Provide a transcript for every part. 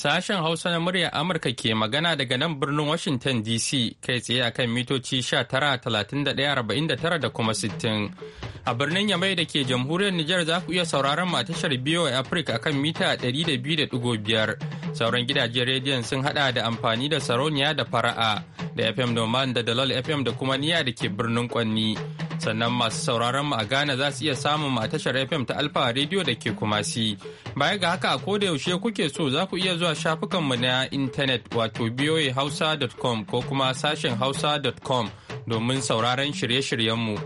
Sashen Hausa na murya Amurka ke magana daga nan birnin Washington DC kai tsaye akan mitoci 19,31,49 da kuma 60. A birnin Yamai da ke jamhuriyar Nijar za ku iya sauraron matashar BOA Africa akan mita 200.5. Sauran gidajen rediyon sun hada da amfani da sarauniya da fara'a da FM Noman da dalal FM da kuma niya da ke birnin Kwanni. sannan masu sauraron mu a Ghana za su iya samun a tashar FM ta Alfa rediyo da ke Kumasi. Baya ga haka a da yaushe kuke so za ku iya zuwa zuwa shafukanmu na intanet wato voahausa.com ko kuma sashen hausa.com domin sauraron shirye-shiryenmu.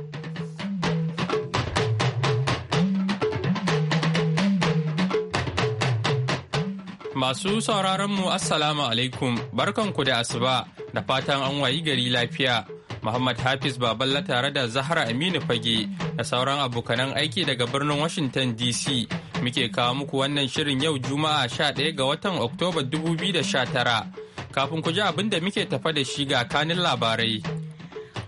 Masu sauraronmu Assalamu alaikum, barkanku da asuba da fatan an wayi gari lafiya. Muhammad Hafiz Baballa tare da Zahra Aminu Fage da sauran abokanan aiki daga birnin Washington DC muke kawo muku wannan shirin yau Juma'a 11 ga watan Oktoba 2019. Kafin ku ji abin da muke tafa da shi ga kanin labarai.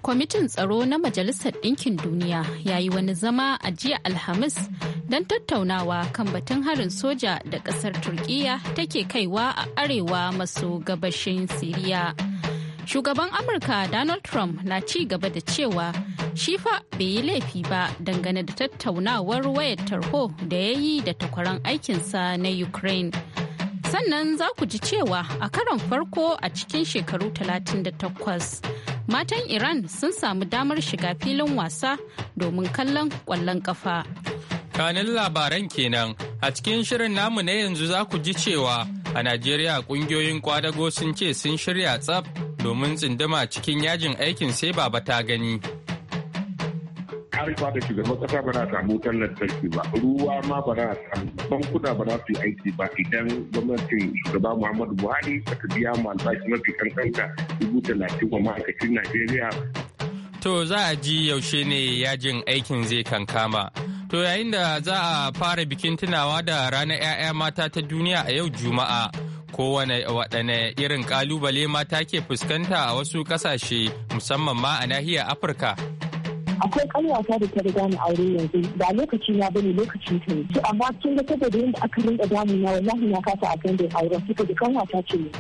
Kwamitin tsaro na Majalisar Ɗinkin Duniya ya yi wani zama a jiya Alhamis don tattaunawa kan batun harin soja da ƙasar Turkiyya take kaiwa a arewa maso gabashin Siriya. Shugaban Amurka Donald Trump na ci gaba da cewa shi fa bai yi laifi ba dangane da tattaunawar wayar tarho da ya yi da takwaran aikinsa na Ukraine. Sannan za ku ji cewa a karon farko a cikin shekaru 38 matan Iran sun samu damar shiga filin wasa domin kallon kwallon kafa. Kanin labaran kenan a cikin shirin namu na yanzu za ku ji cewa a Najeriya ƙungiyoyin kwadago sun ce sun shirya tsaf domin tsinduma cikin yajin aikin sai baba ta gani. har da shugaban kasa ba na samu wutar lantarki ba ruwa ma ba na samu bankuna ba na su yi aiki ba idan gwamnatin shugaba muhammadu buhari ba ta biya mu albashi mafi kankanta dubu talatin wa ma'aikacin najeriya. to za a ji yaushe ne yajin aikin zai kankama. To yayin da za a fara bikin tunawa da ranar 'ya'ya mata ta duniya a yau Juma'a. kowane waɗanne irin ƙalubale mata ke fuskanta a wasu ƙasashe musamman ma a nahiyar afirka akwai ƙanwata da ta riga ni aure yanzu ba lokaci na bane lokaci ta ne amma kin ga saboda yadda aka rinka na wallahi na kasa a kan da auren suka ji ƙanwata ce ne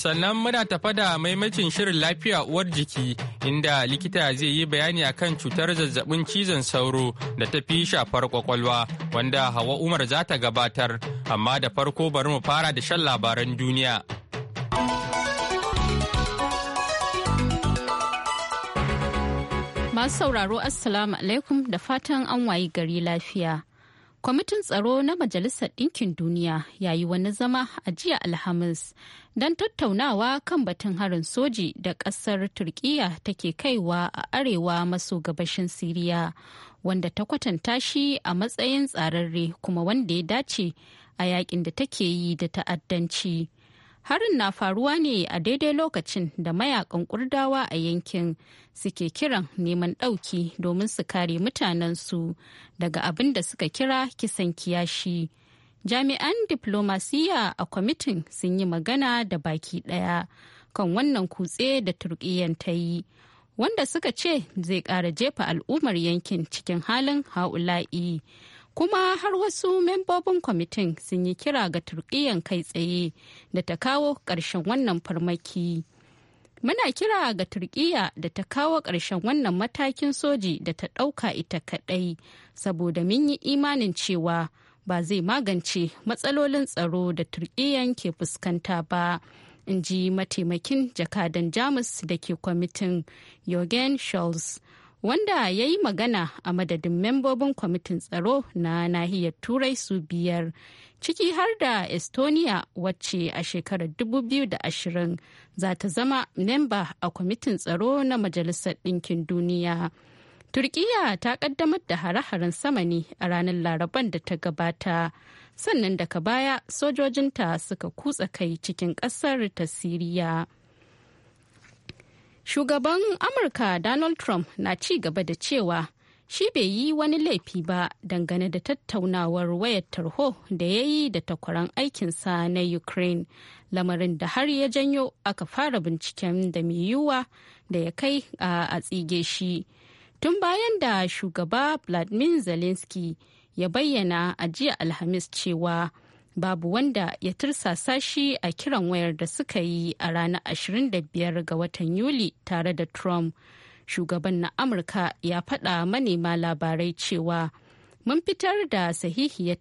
sannan muna tafa da maimacin shirin lafiya uwar jiki inda likita zai yi bayani akan cutar zazzabin cizon sauro da ta fi shafar kwakwalwa wanda hawa umar za ta gabatar amma da farko bari mu fara da shan labaran duniya masu sauraro assalamu alaikum da fatan an wayi gari lafiya kwamitin tsaro na majalisar ɗinkin duniya ya yi wani zama a jiya alhamis don tattaunawa kan batun harin soji da ƙasar turkiya take kaiwa a arewa maso gabashin siriya wanda ta kwatanta shi a matsayin tsararre kuma wanda ya dace a yakin da take yi da ta'addanci harin na faruwa ne a daidai lokacin da mayakan kurdawa a yankin suke kiran neman ɗauki domin su kare mutanensu daga abin da suka kira kisan kiyashi jami'an diplomasiya a kwamitin sun yi magana da baki ɗaya kan wannan kutse da turkiyyan ta yi wanda suka ce zai ƙara jefa al'ummar yankin cikin halin ha'ula'i kuma har wasu membobin kwamitin sun yi kira ga turkiyyar kai tsaye da ta kawo ƙarshen wannan farmaki muna kira ga turkiyya da ta kawo ƙarshen wannan matakin soji da ta ɗauka ita kaɗai saboda mun yi imanin cewa ba zai magance matsalolin tsaro da turkiyyan ke fuskanta ba in ji mataimakin jakadan jamus da ke kwamitin jorgen scholz wanda ya yi magana a madadin membobin kwamitin tsaro na nahiyar turai su biyar ciki har da estonia wacce a shekarar 2020 za ta zama memba a kwamitin tsaro na majalisar ɗinkin duniya turkiya ta kaddamar da hare-haren sama ne a ranar laraban da ta gabata sannan daga baya sojojinta suka kutsa kai cikin ƙasar ta siriya Shugaban Amurka Donald Trump na ci gaba da cewa shi bai yi wani laifi ba dangane da tattaunawar wayar tarho da ya yi da takwaran aikinsa na Ukraine, lamarin da har ya janyo aka fara binciken da mai yiwuwa da ya kai a tsige shi. Tun bayan da shugaba Vladimir Zelensky ya bayyana a jiya Alhamis cewa babu wanda ya tursasa shi a kiran wayar da suka yi a ranar 25 ga watan yuli tare da trump shugaban na amurka ya faɗa manema labarai cewa mun fitar da sahihiyar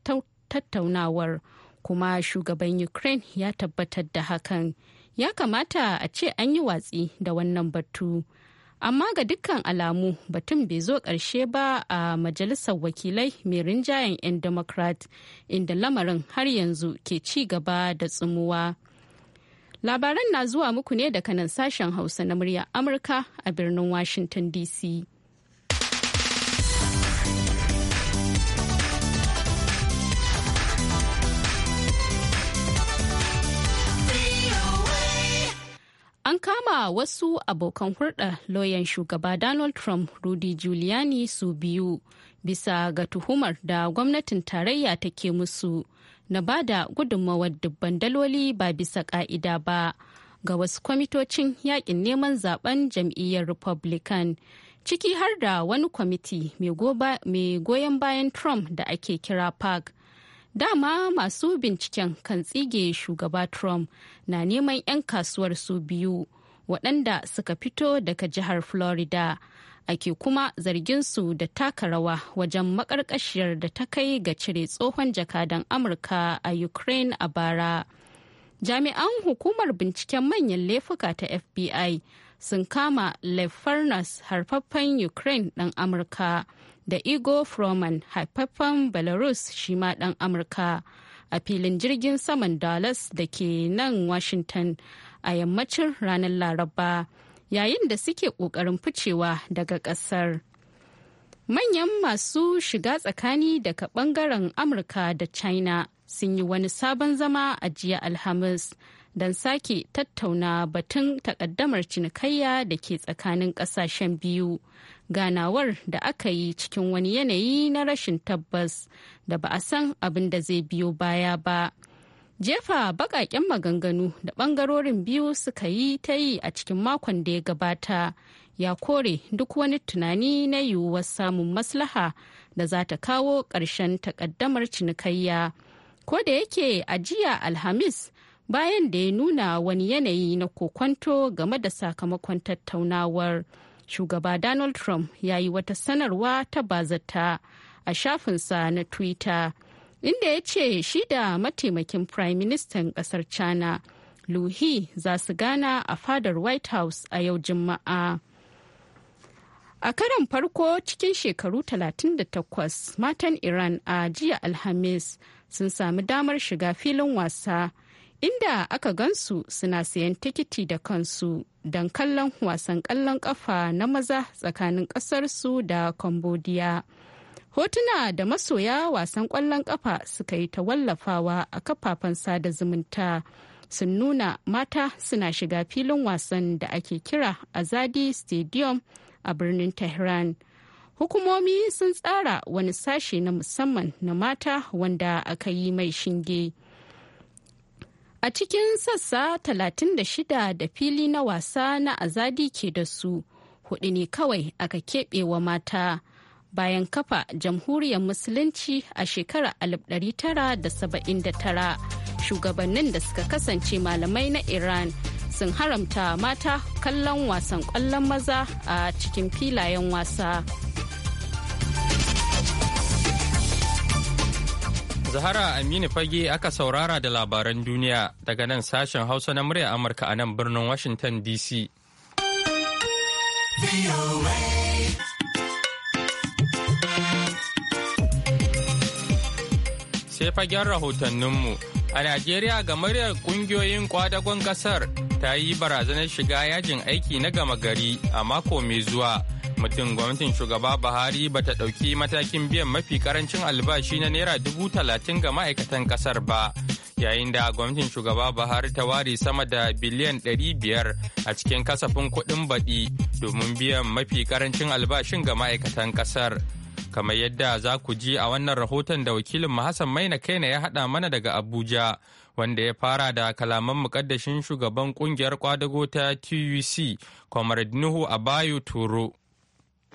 tattaunawar kuma shugaban ukraine ya tabbatar da hakan ya kamata a ce an yi watsi da wannan batu amma ga dukkan alamu batun bai zo ƙarshe ba a majalisar wakilai mai rinjayen 'yan democrat inda lamarin har yanzu ke ci gaba da tsumuwa labaran na zuwa muku ne daga nan sashen hausa na murya amurka a birnin washington dc An kama wasu abokan hulɗa lauyan shugaba Donald Trump Rudy Giuliani su biyu bisa ga tuhumar da gwamnatin tarayya take musu na ba da gudunmawar dubban daloli ba bisa ƙa'ida ba ga wasu kwamitocin yakin neman zaben jam'iyyar Republican. Ciki har da wani kwamiti mai goyon bayan Trump da ake kira park Dama masu binciken kan tsige shugaba Trump na neman 'yan kasuwar su biyu waɗanda suka fito daga jihar Florida. Ake kuma zargin su da taka rawa wajen makarkashiyar da ta kai ga cire tsohon jakadan Amurka a Ukraine a bara. Jami'an hukumar binciken manyan laifuka ta FBI sun kama Lev harfaffen Ukraine ɗan Amurka. da igor froman haifafan belarus shi ma ɗan amurka a filin jirgin saman dallas da ke nan washington a yammacin ranar laraba yayin da suke ƙoƙarin ficewa daga ƙasar manyan masu shiga tsakani daga ɓangaren amurka da china sun yi wani sabon zama a jiya alhamis don sake tattauna batun takaddamar cinikayya da ke tsakanin ƙasashen biyu ganawar da aka yi cikin wani yanayi na rashin tabbas da ba a san abin da zai biyo baya ba jefa bakaken maganganu da bangarorin biyu suka yi ta yi a cikin makon da ya gabata ya kore duk wani tunani na yiwuwar samun maslaha da za ta kawo ƙarshen takaddamar cinikayya ko da yake ajiya alhamis bayan da ya nuna wani yanayi na kokwanto game da sakamakon tattaunawar. shugaba donald trump ya yi wata sanarwa ta bazata a shafinsa na twitter inda ya ce shi da mataimakin prime ministan kasar china luhi za su gana a fadar white house a yau juma'a a karon farko cikin shekaru 38 matan iran a jiya alhamis sun sami damar shiga filin wasa inda aka gansu suna sayan tikiti da kansu don kallon wasan kallon kafa na maza tsakanin kasarsu da cambodia hotuna da masoya wasan kwallon kafa suka yi ta wallafawa a kafafen sada zumunta sun nuna mata suna shiga filin wasan da ake kira a zadi stadium a birnin tehran hukumomi sun tsara wani sashe na musamman na mata wanda aka yi mai shinge. A cikin sassa 36 da fili na wasa na azadi ke da su, hudu ne kawai aka keɓe wa mata bayan kafa jamhuriyar musulunci a shekarar 1979 shugabannin da suka kasance malamai na Iran. sun haramta mata kallon wasan kwallon maza a cikin filayen wasa. Zahara Aminu Fage aka saurara da labaran duniya daga nan sashen Hausa na murya Amurka a nan birnin Washington DC. Sai fagen rahotanninmu a Najeriya ga muryar kungiyoyin kwadagon kasar ta yi barazanar shiga yajin aiki na gama gari a mako mai zuwa mutum gwamnatin shugaba buhari ba ta ɗauki matakin biyan mafi karancin albashi na naira dubu talatin ga ma'aikatan ƙasar ba yayin da gwamnatin shugaba buhari ta ware sama da biliyan ɗari biyar a cikin kasafin kuɗin baɗi domin biyan mafi karancin albashin ga ma'aikatan ƙasar kamar yadda za ku ji a wannan rahoton da wakilin Hassan maina kaina ya haɗa mana daga abuja wanda ya fara da kalaman mukaddashin shugaban kungiyar kwadago ta tuc comrade nuhu abayu turo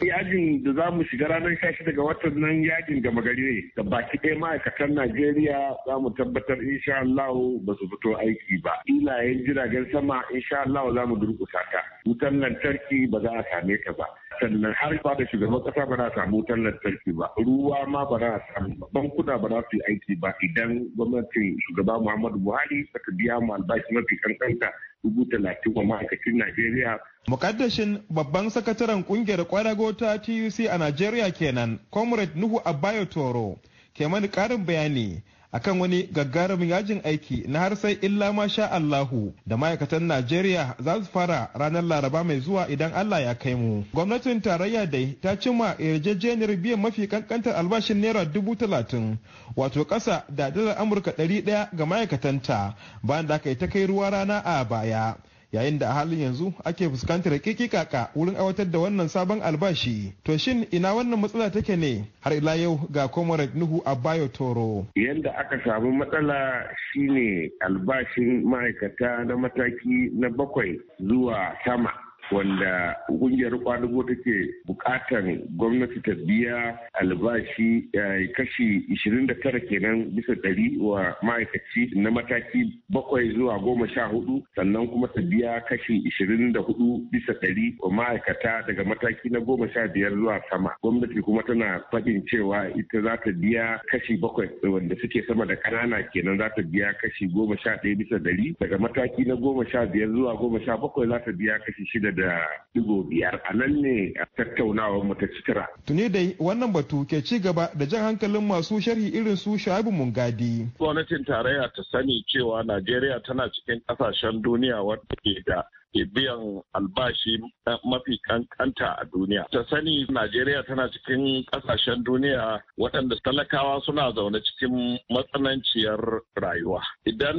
yajin da za mu shiga ranar sha shida ga watan nan yajin gama gari ne da baki ɗaya ma'aikatan najeriya za mu tabbatar insha allahu ba su fito aiki ba filayen jiragen sama insha allahu za mu durƙusa ta wutan lantarki ba za a same ta ba sannan har ba da shugaban ƙasa ba za a samu wutar lantarki ba ruwa ma ba za a samu ba bankuna ba za su yi aiki ba idan gwamnatin shugaba muhammadu buhari ta biya mu albashi mafi kankanta dubu ma'aikacin Najeriya. Mukaddashin babban sakataren kungiyar kwarago ta TUC a Najeriya kenan, Comrade Nuhu Abayo Toro, ke mani karin bayani akan wani gagarumin yajin aiki na har sai illa ma sha Allahu da ma'aikatan Najeriya za su fara ranar Laraba mai zuwa idan Allah ya kai mu. Gwamnatin tarayya dai ta cimma yarjejeniyar biyan mafi kankantar albashin naira dubu talatin wato ƙasa da dalar Amurka ɗari ɗaya ga ma'aikatanta bayan da aka yi ta kai ruwa rana a baya. yayin da a halin yanzu ake fuskantar kikikaka wurin aiwatar da wannan sabon albashi to shin ina wannan matsala take ne har ila yau ga comrade nuhu abayo toro yadda aka samu matsala shine albashin ma'aikata na mataki na bakwai zuwa sama wanda kungiyar kwadugo take bukatan gwamnati ta biya albashi eh, kashi 29 kenan bisa ɗari wa ma'aikaci na mataki bakwai zuwa goma sha hudu sannan kuma ta biya kashi 24 bisa ɗari wa ma'aikata daga mataki na goma sha biyar zuwa sama gwamnati kuma tana faɗin cewa ita za ta biya kashi bakwai wanda suke sama da ƙanana kenan za ta biya kashi goma sha ɗaya bisa ɗari daga mataki na goma sha biyar zuwa goma sha bakwai za ta biya kashi shida da digo biyar a nan ne a mu ta cikira. Tuni dai wannan batu ke ci gaba da jan hankalin masu sharhi irin su Sha'ibu Mungadi. Gwamnatin tarayya ta sani cewa Najeriya tana cikin kasashen duniya wadda ke da ke biyan albashi mafi kankanta a duniya. Ta sani Najeriya tana cikin ƙasashen duniya waɗanda talakawa suna zaune cikin matsananciyar rayuwa. Idan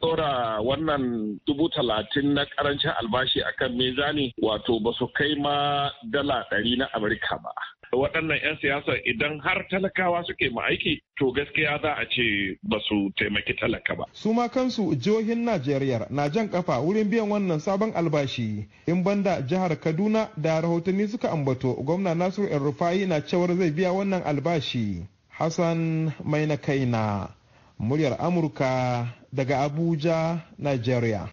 tsora wannan dubu talatin na ƙarancin albashi akan mezani wato ba su kai ma dala ɗari na Amurka ba. waɗannan 'yan siyasa idan har talakawa suke ma aiki to gaskiya za a ce ba su taimaki talaka ba. Su ma kansu jihohin Najeriya na jan kafa wurin biyan wannan sabon albashi in banda jihar Kaduna da rahotanni suka ambato gwamna Nasiru El Rufai na cewar zai biya wannan albashi. Hassan Mai na kaina muryar Amurka daga Abuja, Najeriya.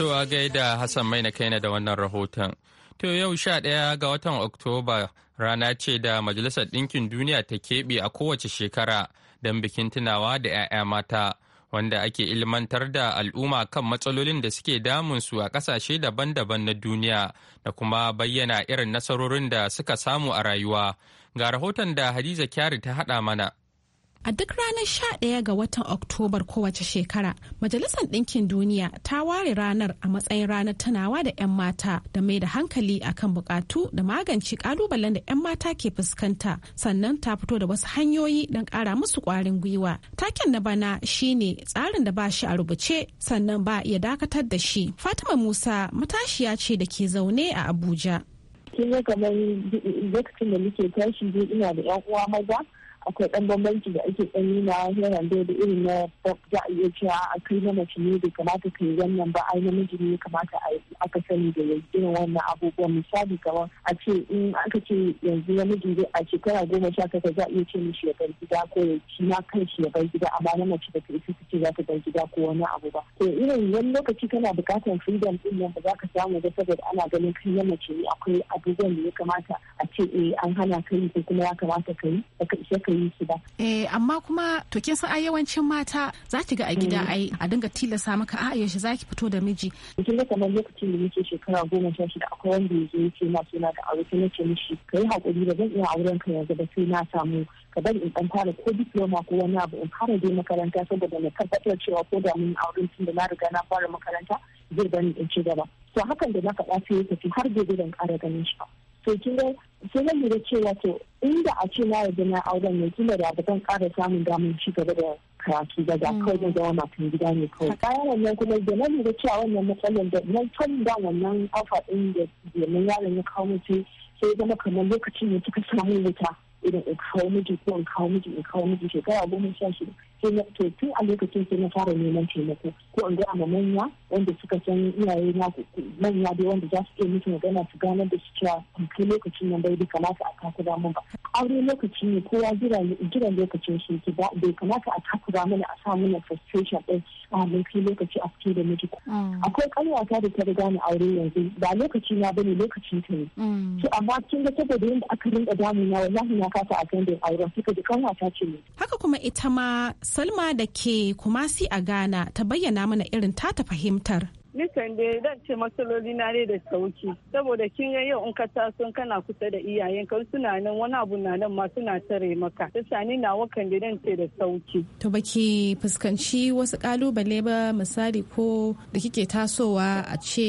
To a gaida Hassan mai na kaina da wannan rahoton. To yau sha ɗaya ga watan Oktoba rana ce da Majalisar Ɗinkin Duniya ta keɓe a kowace shekara don bikin tunawa da 'ya'ya mata. Wanda ake ilmantar da al'umma kan matsalolin da suke damunsu a ƙasashe daban-daban na duniya da kuma bayyana irin nasarorin da suka samu a rayuwa. Ga rahoton da Hadiza Kyari ta haɗa mana. A duk ranar 11 ga watan Oktobar kowace shekara, Majalisar Ɗinkin Duniya ta ware ranar a matsayin ranar tunawa da 'yan mata da mai da hankali akan buƙatu da magance kalubalen da 'yan mata ke fuskanta sannan ta fito da wasu hanyoyi don ƙara musu ƙwarin gwiwa. Taken na bana shine tsarin da ba shi a rubuce sannan ba iya dakatar da shi. Fatima Musa matashiya ce da ke zaune a Abuja. Kin kamar lokacin da muke tashi ina da 'yan uwa maza. akwai ɗan bambanci da ake ɗan na heran da da irin na za a iya cewa a kai na mace ne bai kamata ka yi wannan ba ai namiji ne kamata a aka sani da yanzu irin wannan abubuwa misali kamar a ce in aka ce yanzu namiji zai a shekara goma sha takwas za a iya ce mishi ya bar gida ko ya ci na kan shi ya bar gida amma na mace da ta ce za ta bar gida ko wani abu ba to irin wani lokaci kana bukatar freedom din nan ba za ka samu ba saboda ana ganin kai na mace ne akwai abubuwan da ya kamata a ce eh an hana ka yi ko kuma ya kamata ka yi ka isa suka yi shi ba. Eh amma kuma to kin san ai yawancin mata za ki ga a gida mm. ai a dinga tilasa maka a yaushe za ki fito da miji. Kin ga kamar lokacin da nake shekara goma sha shida akwai wanda ya zo ya ce na suna da aure kuma ce mishi ka yi haƙuri ba zan iya auren ka yanzu ba sai na samu ka bari in ɗan fara ko diploma ko wani abu in fara je makaranta saboda na tabbatar cewa ko da mun auren tun da na riga na fara makaranta zai bani in ci gaba. To hakan da na faɗa sai ya tafi har gobe ban ƙara ganin shi ba. To kin ga sai da da cewa to inda a ce na yarda na auren ne tun da abu zan kara samun damar ci gaba da karatu ba da mm. kawai zan zama matan gida ne kawai bayan wannan kuma da na lura cewa wannan matsalar da na tun da wannan alfa ɗin da domin yaron ya kawo mutu sai zama kamar lokacin da kika samu wuta idan in kawo miji ko in kawo miji in kawo miji shekara goma sha shida sai na to tun a lokacin sai na fara neman taimako ko in ga ma manya wanda suka san iyaye na manya dai wanda za su iya mutu magana su ganar da su cewa kai lokacin nan bai kamata a takura mun ba aure lokaci ne kowa jiran lokacin shi ki bai kamata a takura mana a sa na frustration din a mun kai lokaci a fito da miji mm. akwai ƙanwata da ta riga ni aure yanzu ba lokaci na bane lokacin ta ne mm. to amma kin ga saboda yadda aka rinka damuna wallahi na kasa a kan da auren suka ji ta ce ne haka kuma ita ma Salma da ke Kumasi a Ghana ta bayyana mana irin tata fahimtar. nisan da zan ce matsaloli na dai da sauki saboda kin ga yau in ka taso kana kusa da iyayenka suna nan wani abu na nan ma suna tare maka ta sani na wakan da zan ce da sauki. To baki fuskanci wasu kalubale ba misali ko da kike tasowa a ce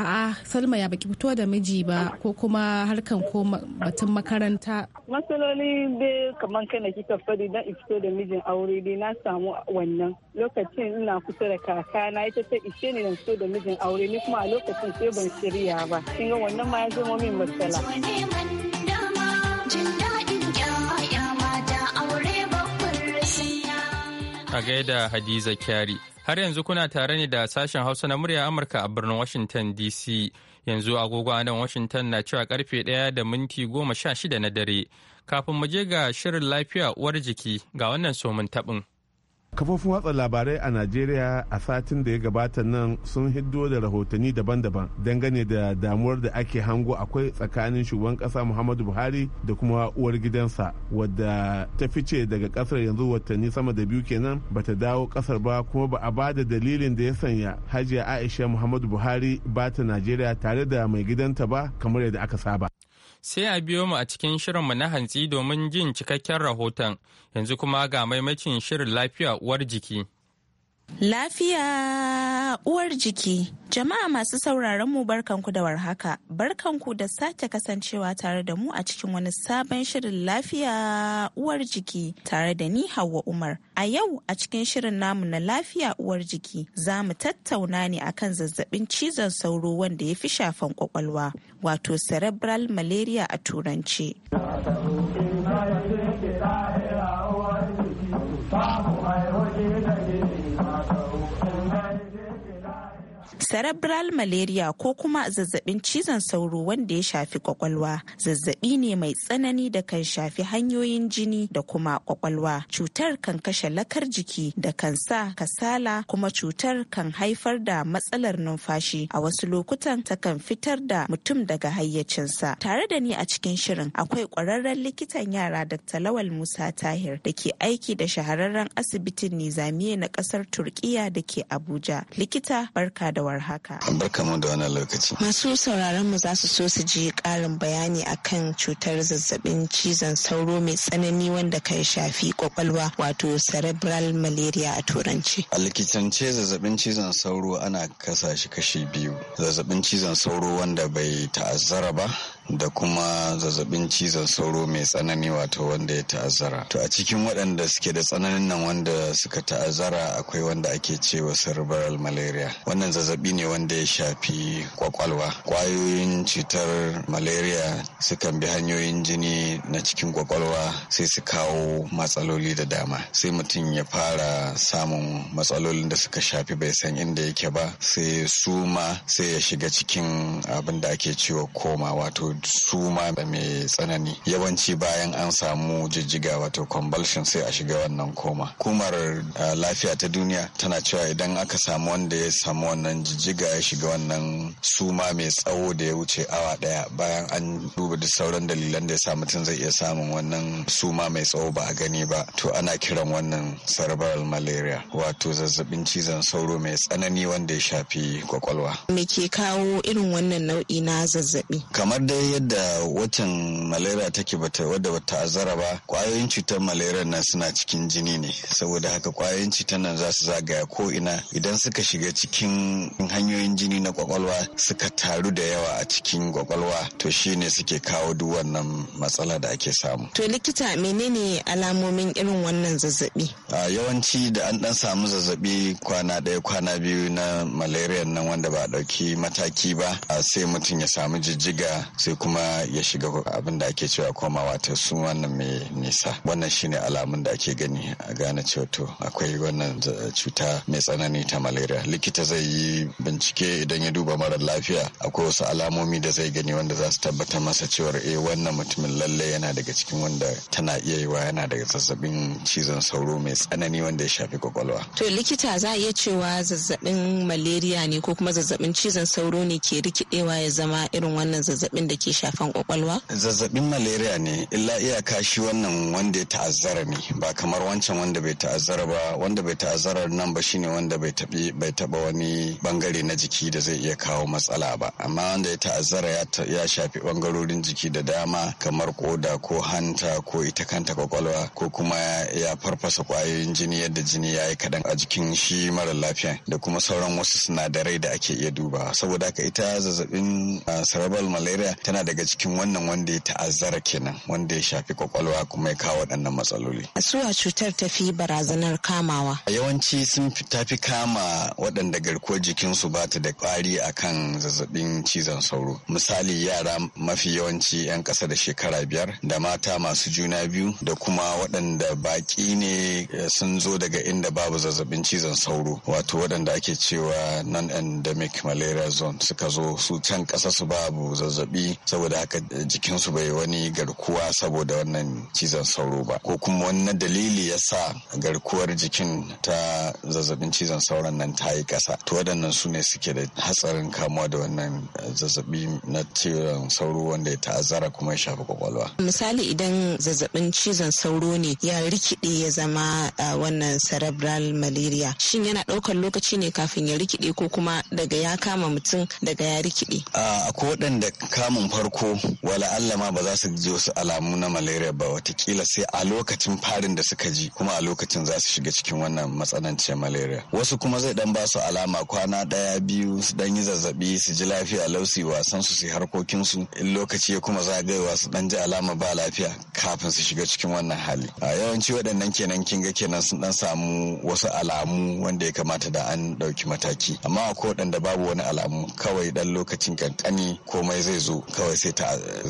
a'a Salma ya baki fito da miji ba ko kuma harkan ko batun makaranta. Matsaloli dai kamar kana kika fari dan fito da mijin aure dai na samu wannan lokacin ina kusa da kakana ita ta ishe ni fito da mijin aure ni kuma a lokacin sai ban shirya ba kin wannan ma ya zama min matsala a gaida Hadiza Kyari. Har yanzu kuna tare ne da sashen Hausa na murya Amurka a birnin Washington DC. Yanzu agogo a nan Washington na cewa karfe ɗaya da minti goma sha shida na dare. Kafin mu je ga shirin lafiya uwar jiki ga wannan somin taɓin. kafofin watsa labarai a najeriya a satin da ya gabata nan sun hiddo da rahotanni daban-daban dangane da damuwar da ake hango akwai tsakanin shugaban kasa muhammadu buhari da kuma uwar gidansa wadda ta fice daga kasar yanzu watanni sama da biyu kenan bata dawo kasar ba kuma ba a bada dalilin da ya sanya hajiya aisha muhammadu buhari ba ta najeriya tare da mai gidanta ba kamar yadda aka saba sai a biyo mu a cikin shirinmu na hantsi domin jin cikakken rahoton yanzu kuma ga maimakin shirin lafiya uwar jiki. Lafiya uwar jiki. Jama'a masu sauraron mu barkanku da warhaka. Barkanku da sake kasancewa tare da mu a cikin wani sabon shirin lafiya uwar jiki tare da ni Hauwa Umar. A yau a cikin shirin namu na lafiya uwar jiki za mu tattauna ne akan zazzabin cizon sauro wanda ya fi shafan kwakwalwa wato cerebral malaria a turanci. cerebral malaria ko kuma zazzabin cizon sauro wanda ya shafi kwakwalwa zazzabi ne mai tsanani da kan shafi hanyoyin jini da kuma kwakwalwa cutar kan kashe lakar jiki da kan sa kasala kuma cutar kan haifar da matsalar numfashi a wasu lokutan ta kan fitar da mutum daga hayyacinsa tare da ni a cikin shirin akwai kwararren likitan yara dr lawal musa tahir da ke aiki da shahararren asibitin nizamiya na kasar turkiya da ke abuja likita barka da war kamar haka. Barkamu da wannan lokaci. Masu sauraron mu za su so su ji ƙarin bayani akan cutar zazzabin cizon sauro mai tsanani wanda kan shafi kwakwalwa wato cerebral malaria a turanci. A likitance zazzabin cizon sauro ana kasa shi kashi biyu. Zazzabin cizon sauro wanda bai ta'azzara ba da kuma zazzabin cizon sauro mai tsanani wato wanda ya ta'azzara to a cikin waɗanda suke da tsananin nan wanda suka ta'azzara akwai wanda ake cewa cerebral malaria wannan zazzabi ne wanda ya shafi kwakwalwa kwayoyin cutar malaria sukan bi hanyoyin jini na cikin kwakwalwa sai su kawo matsaloli da dama sai mutum ya fara samun matsalolin da suka shafi bai san inda yake ba sai suma sai ya shiga cikin abin da ake cewa koma wato suma da mai tsanani yawanci bayan an samu jijjiga wato convulsion sai a shiga wannan koma kumar lafiya ta duniya tana cewa idan aka samu wanda ya samu wannan jijjiga ya shiga wannan suma mai tsawo da ya wuce awa daya bayan an duba duk sauran dalilan da ya sa mutum zai iya samun wannan suma mai tsawo ba a gani ba to ana kiran wannan cerebral malaria wato zazzabin cizon sauro mai tsanani wanda ya shafi kwakwalwa me ke kawo irin wannan nau'i na zazzabi kamar dai yadda waccan malaria take bata wadda bata azara ba kwayoyin cutar malaria nan suna cikin jini ne saboda haka kwayoyin cutar nan za su zagaya ko ina idan suka shiga cikin hanyoyin jini na kwakwalwa suka taru da yawa a cikin kwakwalwa to shi ne suke kawo duk wannan matsala da ake samu to likita menene alamomin irin wannan zazzabi a yawanci da an dan samu zazzabi kwana ɗaya kwana biyu na malaria nan wanda ba a ɗauki mataki ba sai mutum ya samu jijjiga sai kuma ya shiga abin da ake cewa komawa ta su wannan mai nisa wannan shine alamun da ake gani a gane cewa to akwai wannan cuta mai tsanani ta malaria likita zai yi bincike idan ya duba mara lafiya akwai wasu alamomi da zai gani wanda za su tabbatar masa cewa eh wannan mutumin lalle yana daga cikin wanda tana iya yi wa yana daga zazzabin cizon sauro mai tsanani wanda ya shafi kwakwalwa to likita za a iya cewa zazzabin malaria ne ko kuma zazzabin cizon sauro ne ke rikidewa ya zama irin wannan zazzabin da ke shafan kwakwalwa? Zazzabin malaria ne illa iyaka shi wannan wanda ya ta'azzara ne ba kamar wancan wanda bai ta'azzara ba wanda bai ta'azzara nan ba shine wanda bai tabi bai taba wani bangare na jiki da zai iya kawo matsala ba amma wanda ya ta'azzara ya shafi bangarorin jiki da dama kamar koda ko hanta ko ita kanta kwakwalwa ko kuma ya farfasa kwayoyin jini yadda jini ya yi kaɗan a jikin shi mara lafiya da kuma sauran wasu sinadarai da ake iya dubawa saboda haka ita zazzabin ah, cerebral malaria tana daga cikin wannan wanda ya ta'azzara kenan wanda ya shafi kwakwalwa kuma ya kawo waɗannan matsaloli. Suwa cutar ta fi barazanar kamawa. a Yawanci sun ta fi kama waɗanda garkuwar jikinsu ba ta da ƙwari a kan zazzabin cizon sauro. Misali yara mafi yawanci 'yan ƙasa da shekara biyar da mata masu juna biyu da kuma waɗanda baƙi ne eh, sun zo daga inda babu zazzabin cizon sauro wato waɗanda ake cewa non-endemic malaria zone suka zo su can ƙasa su babu zazzabi saboda haka jikinsu bai wani garkuwa saboda wannan cizon sauro ba ko kuma wannan dalili ya sa garkuwar jikin ta zazzabin cizon sauron nan ta yi ƙasa to waɗannan su ne suke da hatsarin kamuwa da wannan eh, zazzabi na cizon sauro wanda ya ta'azzara kuma ya shafi kwakwalwa misali idan zazzabin cizon sauro ne ya rikide ya zama eh, wannan cerebral malaria shin yana ɗaukar lokaci ne kafin ya rikide ko kuma daga ya kama mutum daga ya rikide ah, akwai waɗanda kamun farko wala Allah ma ba za su ji wasu alamu na malaria ba watakila sai a lokacin farin da suka ji kuma a lokacin za su shiga cikin wannan matsananciyar malaria wasu kuma zai dan ba su alama kwana daya biyu su dan yi zazzabi su ji lafiya lausi wasan su su harkokin su in lokaci ya kuma zagayewa su dan ji alama ba lafiya kafin su shiga cikin wannan hali a yawanci waɗannan kenan kin ga kenan sun dan samu wasu alamu wanda ya kamata da an ɗauki mataki amma akwai waɗanda babu wani alamu kawai dan lokacin kankani komai zai zo kawai sai ta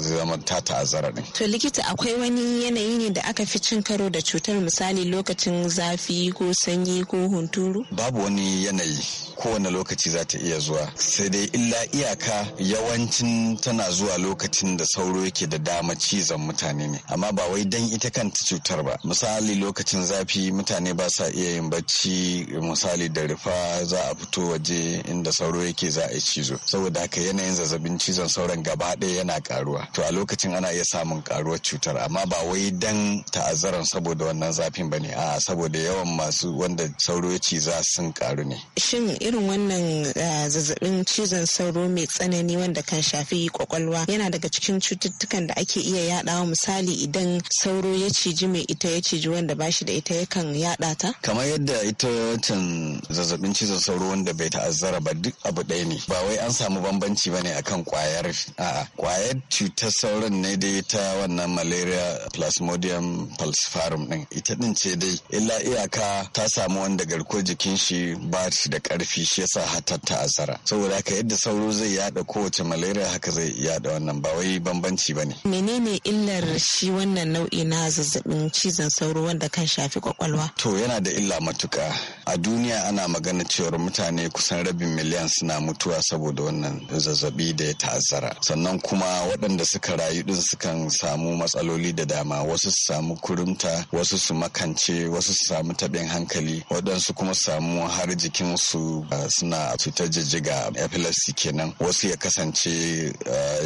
zama ta ta'azzara din. To likita akwai wani yanayi ne da aka fi cin karo da cutar misali lokacin zafi ko sanyi ko hunturu? Babu wani yanayi kowane lokaci za ta iya zuwa sai dai illa iyaka yawancin tana zuwa lokacin da sauro yake da dama cizon mutane ne amma ba wai dan ita kanta cutar ba misali lokacin zafi mutane ba sa iya yin bacci misali da rufa za a fito waje inda sauro yake za a yi cizo saboda haka yanayin zazzabin cizon sauran gaba ɗaya yana karuwa to a lokacin ana iya samun karuwar cutar amma ba wai dan ta'azzaran saboda wannan zafin ba ne a'a saboda yawan masu wanda sauro ya ciza sun karu ne shin irin wannan eh, zazzabin cizon sauro mai tsanani wanda kan shafi kwakwalwa yana daga cikin cututtukan da ake iya yadawa misali idan sauro ya ciji mai ita ya ciji wanda ba shi da ita yakan yada ta kamar yadda ita wancan zazzabin cizon sauro wanda bai ta'azzara ba duk abu ɗaya ne ba wai an samu bambanci bane akan kwayar a'a kwayar cutar sauran ne dai ta wannan malaria plasmodium falciparum din ita din ce dai illa iyaka ta samu wanda garkuwar jikin shi ba shi da karfi shi yasa hatar ta asara saboda haka yadda sauro zai yada kowace malaria haka zai yada wannan ba wai bambanci bane menene illar shi wannan nau'i na zazzabin cizon sauro wanda kan shafi kwakwalwa to yana da illa matuka a duniya ana magana cewar mutane kusan rabin miliyan suna mutuwa saboda wannan zazzabi da ya ta'azzara sannan kuma waɗanda suka rayu din sukan samu matsaloli da dama wasu su samu kurumta wasu su makance wasu su samu taɓin hankali waɗansu kuma samu har su suna cutar jijjiga epilepsy kenan wasu ya kasance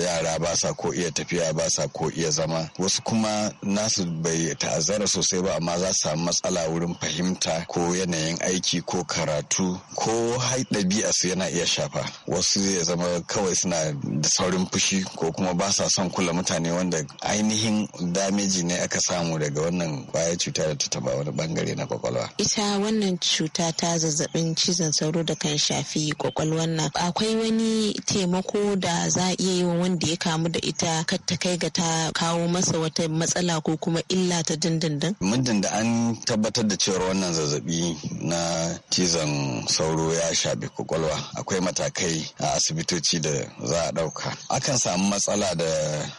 yara ba sa ko iya tafiya ba sa ko iya zama wasu kuma nasu bai ta'azzara sosai ba amma za su samu matsala wurin fahimta ko yanayin aiki aiki ko karatu ko ɗabi'a su yana iya shafa wasu zai zama kawai suna da saurin fushi ko kuma ba sa son kula mutane wanda ainihin dameji ne aka samu daga wannan kwayar cuta da ta taba wani bangare na kwakwalwa ita wannan cuta ta zazzabin cizon sauro da kan shafi kwakwalwan nan akwai wani taimako da za a iya yi wa wanda ya kamu da ita kar ta kai ga ta kawo masa wata matsala ko kuma illa ta dindindin muddin da an tabbatar da cewa wannan zazzabi na na cizon sauro ya shafi kwakwalwa akwai matakai a asibitoci da za a ɗauka akan samu matsala da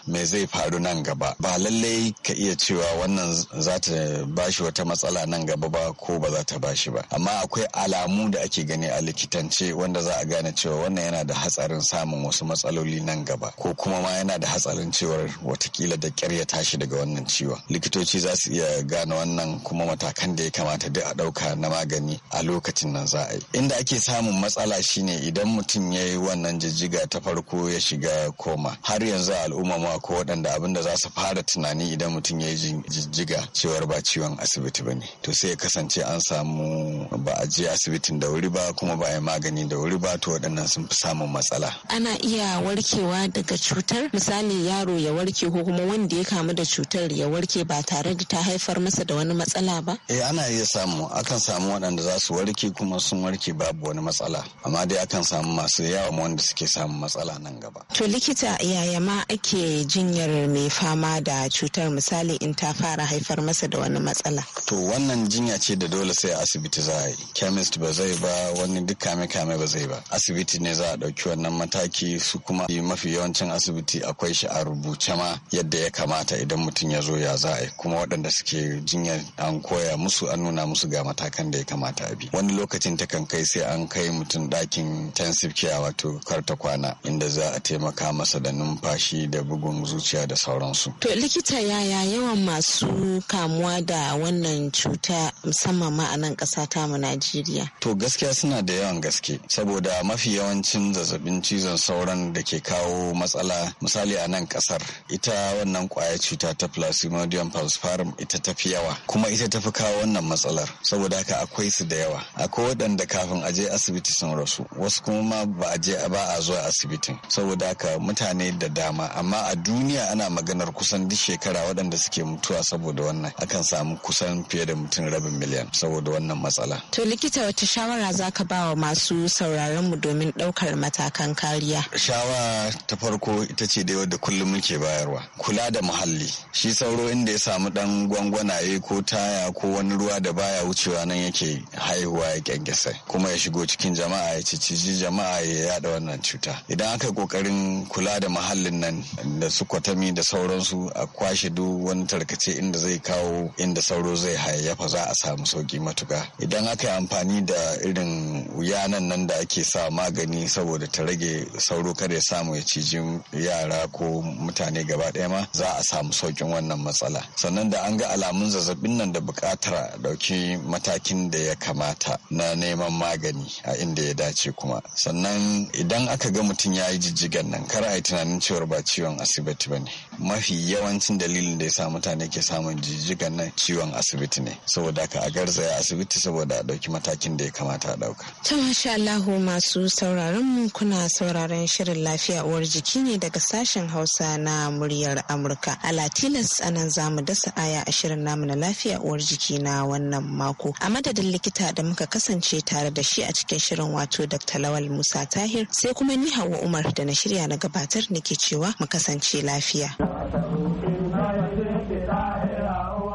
me zai faru nan gaba ba lallai ka iya cewa wannan za ta bashi wata matsala nan gaba ba ko ba za ta bashi ba amma akwai alamu da ake gani a likitance wanda za a gane cewa wannan yana da hatsarin samun wasu matsaloli nan gaba ko kuma ma yana da hatsarin cewa watakila da ƙyar ya tashi daga wannan ciwon likitoci za su iya gane wannan kuma matakan da ya kamata duk a ɗauka na magani ne a lokacin nan za a yi inda ake samun matsala shine idan mutum ya yi wannan jijjiga ta farko ya shiga koma har yanzu al'umma ma ko waɗanda abin da za su fara tunani idan mutum ya yi jijjiga cewar ba ciwon asibiti ba ne to sai ya kasance an samu ba a je asibitin da wuri ba kuma ba a yi magani da wuri ba to waɗannan sun fi samun matsala ana iya warkewa daga cutar misali yaro ya warke ko kuma wanda ya kamu da cutar ya warke ba tare da ta haifar masa da wani matsala ba eh ana iya samu akan samu waɗannan waɗanda za su warke kuma sun warke babu wani matsala amma dai akan samu masu yawa wanda suke samun matsala nan gaba. To likita yaya ma ake jinyar mai fama da cutar misali in ta fara haifar masa da wani matsala? To wannan jinya ce da dole sai asibiti za a yi. Chemist ba zai ba wani duk kame-kame ba zai ba. Asibiti ne za a ɗauki wannan mataki su kuma mafi yawancin asibiti akwai shi a rubuce ma yadda ya kamata idan mutum ya zo ya za a yi kuma waɗanda suke jinyar an koya musu an nuna musu ga matakan da ya kamata. kamata a bi wani lokacin ta kan kai sai an kai mutum ɗakin intensive care wato kar ta kwana inda za a taimaka masa da numfashi da bugun zuciya da sauransu to likita yaya yawan masu kamuwa da wannan cuta musamman ma a nan ƙasa ta mu Najeriya to gaskiya suna da yawan gaske saboda mafi yawancin zazzabin cizon sauran da ke kawo matsala misali a nan ƙasar ita wannan kwaya cuta ta plasmodium falciparum ita tafi yawa kuma ita tafi kawo wannan matsalar saboda haka akwai su da yawa akwai waɗanda kafin a je asibiti sun rasu wasu kuma ma ba a je ba a zuwa asibitin saboda haka mutane da dama amma a duniya ana maganar kusan duk shekara waɗanda suke mutuwa saboda wannan akan samu kusan fiye da mutum rabin miliyan saboda wannan matsala. To likita wata shawara za ka ba wa masu sauraron mu domin ɗaukar matakan kariya? Shawara ta farko ita ce da da kullum muke bayarwa. Kula da muhalli. Shi sauro inda ya samu ɗan gwangwanaye ko taya ko wani ruwa da baya wucewa nan yake yi. haihuwa ya kyankyasa kuma ya shigo cikin jama'a ya ciciji jama'a ya yada wannan cuta idan aka yi kokarin kula da muhallin nan da su kwatami da sauransu a kwashe duk wani tarkace inda zai kawo inda sauro zai hayayyafa za a samu sauki matuka idan aka yi amfani da irin wuya nan da ake sa magani saboda ta rage sauro kada ya samu ya ciji yara ko mutane gaba ɗaya ma za a samu saukin wannan matsala sannan da an ga alamun zazzabin nan da buƙatar ɗauki matakin da ya ya kamata na neman magani a inda ya dace kuma sannan idan aka ga mutum ya yi jijjigan nan kar a yi tunanin cewar ba ciwon asibiti ba ne mafi yawancin dalilin da ya sa mutane ke samun jijjigan nan ciwon asibiti ne saboda ka a garzaya asibiti saboda a ɗauki matakin da ya kamata a ɗauka. ta masha Allahu masu sauraron mu kuna sauraron shirin lafiya uwar jiki ne daga sashen hausa na muryar amurka ala latinas anan zamu dasa aya a shirin namu na lafiya uwar jiki na wannan mako a madadin likita da muka kasance tare da shi a cikin shirin wato Dr. Lawal Musa Tahir sai kuma ni hawa Umar da na shirya na gabatar nake cewa mu kasance lafiya.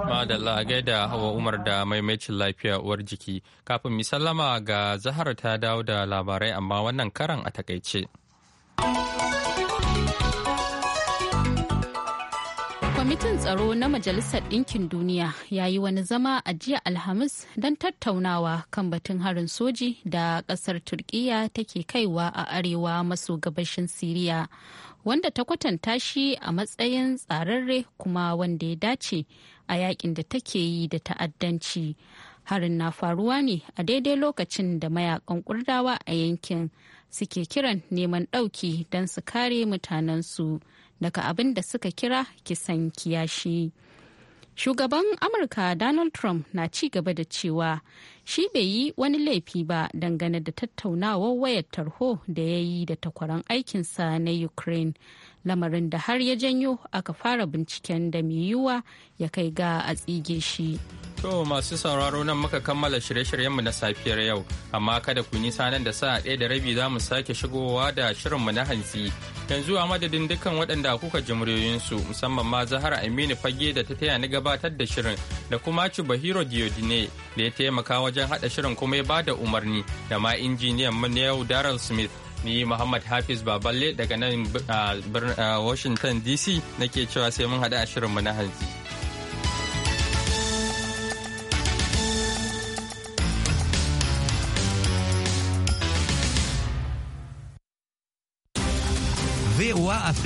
Madalla gaida Hawa Umar da maimacin lafiya uwar jiki kafin mi sallama ga Zahara ta dawo da labarai amma wannan karan a takaice. kwamitin tsaro na majalisar ɗinkin duniya ya yi wani zama a jiya alhamis don tattaunawa kan batun harin soji da ƙasar turkiyya take kaiwa a arewa maso gabashin siriya wanda ta kwatanta shi a matsayin tsararre kuma wanda ya dace a yakin da take yi da ta'addanci harin na faruwa ne a daidai lokacin da mayakan kurdawa a yankin suke kiran neman ɗauki don su kare mutanensu. su daga abin da suka kira kisan kiyashi. Shugaban Amurka Donald Trump na ci gaba da cewa shi bai yi wani laifi ba dangane da tattaunawar wayar tarho da ya yi da takwaran aikinsa na Ukraine lamarin da har ya janyo aka fara binciken da mai yiwuwa ya kai ga a tsige shi. To masu sauraro nan muka kammala shirye-shiryenmu na safiyar yau, amma kada ku nisa nan da sa ɗaya da rabi za mu sake shigowa da shirinmu na hantsi. Yanzu a madadin dukkan waɗanda kuka ji muryoyinsu musamman ma Zahara Aminu Fage da ta taya ni gabatar da shirin da kuma Bahiro Diodine da ya taimaka wajen haɗa shirin kuma ya bada umarni da ma injiniyan mu na yau Smith. ni Muhammad Hafiz Baballe daga nan Washington DC nake cewa sai mun haɗu a mu na hanzi. uwa a